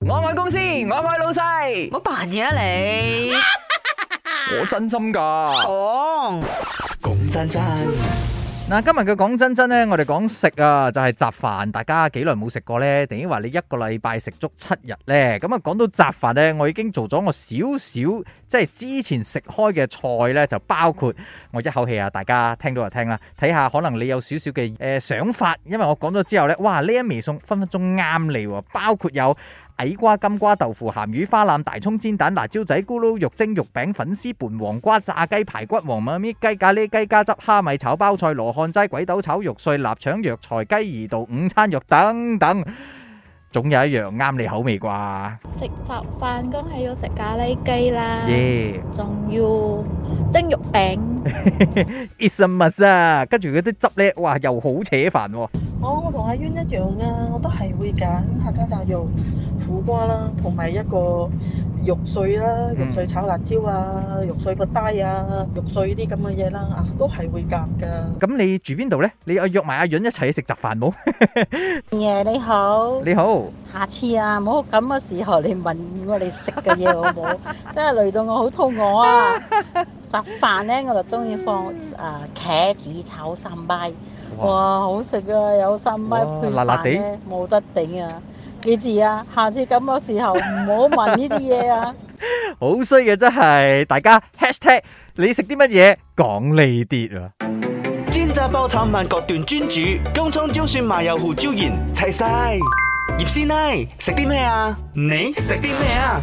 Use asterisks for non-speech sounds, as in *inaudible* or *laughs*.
我愛公司，我愛老細，我扮嘢啊你！我真心噶，講講真真嗱，今日嘅講真真咧，我哋講食啊，就係雜飯，大家幾耐冇食過咧？定係話你一個禮拜食足七日咧？咁啊，講到雜飯咧，我已經做咗我少少，即係之前食開嘅菜咧，就包括我一口氣啊，大家聽到就聽啦，睇下可能你有少少嘅誒想法，因為我講咗之後咧，哇，呢一味餸分分鐘啱你，包括有。矮瓜、金瓜、豆腐、鹹魚、花腩、大葱煎蛋、辣椒仔、咕嚕肉、蒸肉餅、粉絲拌黃瓜、炸雞排骨、黃米雞、咖喱雞加汁、蝦米炒包菜、羅漢齋、鬼豆炒肉碎、臘腸藥材雞、二道午餐肉等等，總有一樣啱你口味啩。食雜飯梗係要食咖喱雞啦，仲 Yeah. 要。蒸肉餅 *laughs* ，is a must 啊！跟住嗰啲汁咧，哇，又好扯凡喎、哦哦。我我同阿淵一樣啊，我都係會揀客家炸肉、苦瓜啦，同埋一個。肉碎啦，肉碎炒辣椒啊，肉碎個帶啊，肉碎啲咁嘅嘢啦，啊，都係會夾噶。咁你住邊度咧？你阿約埋阿潤一齊去食雜飯冇？夜你好，你好。下次啊，唔好咁嘅時候你問我哋食嘅嘢好冇？真係累到我好肚餓啊！雜飯咧我就中意放啊茄子炒三胚，哇，好食啊！有三胚辣辣哋，冇得頂啊！幾字啊？下次咁嘅時候唔好問呢啲嘢啊！好衰嘅真係，大家 hashtag，你食啲乜嘢？講呢啲啊！煎炸爆炒萬國段專煮，薑蔥椒蒜麻油胡椒鹽齊晒。葉師奶食啲咩啊？你食啲咩啊？